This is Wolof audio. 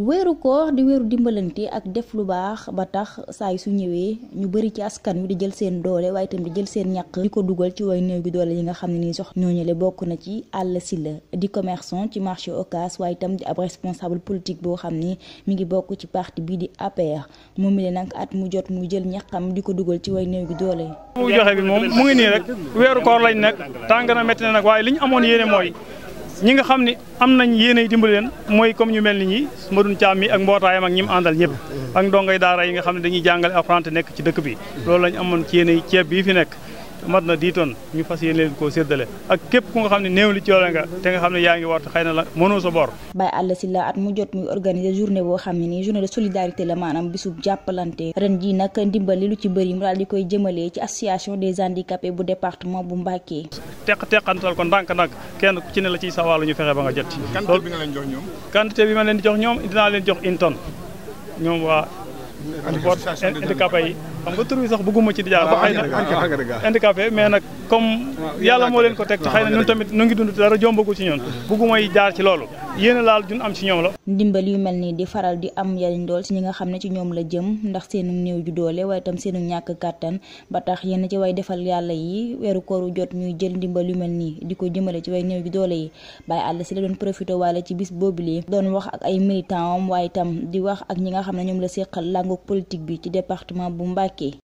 weeru koor di weeru dimbalante ak def lu baax ba tax saay su ñëwee ñu bari ci kan wi di jël seen doole waaye tam di jël seen ñàq di ko dugal ci way néew gi doole yi nga xam ne nii sox ñooñule bokk na ci Alla Sylla di commerçant ci marché Ocass waaye itam di ab politique boo xam ni mi ngi bokk ci parti bii di APR moom mi le nag at mu jot mu jël ñàqam di ko dugal ci way néew gi doole ngi nii rek weeru koor lañ nekk tàng na métti na nag waaye li amoon yéene mooy ñi nga xam ne am nañ yéenay dimbali mooy comme ñu mel ni ñi madun caam mi ak mbootaayam ak ñi mu àndal ñëpp ak ndongay daara yi nga xam ne dañuy jàngale alxuraan te nekk ci dëkk bi loolu lañ amoon ci yéenay ceeb bii fi nekk mat na 10 tonnes ñu fas yéene koo séddale ak képp ku nga xam ne néew li ci wala nga te nga xam ne yaa ngi war te na la mënoo sa bor Baye Alla Sylla at mu jot muy organiser journée boo xam ne nii journée de solidarité la maanaam bisub jàppalante ren ji nag ndimbali lu ci bëri mu daal di koy jëmalee ci association des handicapés bu département bu Mbacké teq teqantal ko ndànk-ndànk kenn ci ne la ciy sawaalu ñu fexe ba nga jot ci loolu bi bi ma leen xam nga tur bi sax bëgguma ci di jaar ba ah, xëy na ah, ah, handicapé mais nag comme yàlla moo leen ko teg ci xëy na ñun tamit nu ngi dund dara jombagul ci ñun bëggumay jaar ci loolu yéen laal jun am ci ñoom la ndimbal mel nii di faral di am yaliñ dool ñi nga xam ne ci ñoom la jëm ndax seenu néew ju doole waaye itam seenu ñàkk kàttan ba tax yenn ci way defal yàlla yi weeru kooru jot ñuy jël ndimbal yu mel nii di ko jëmale ci way néew ju doole yi Baye Alla Sylla doon profité waale ci bis boobulee doon wax ak ay militant am waaye itam di wax ak ñi nga xam ne ñoom la séqal làngook bi ci département bu Mbacké aquí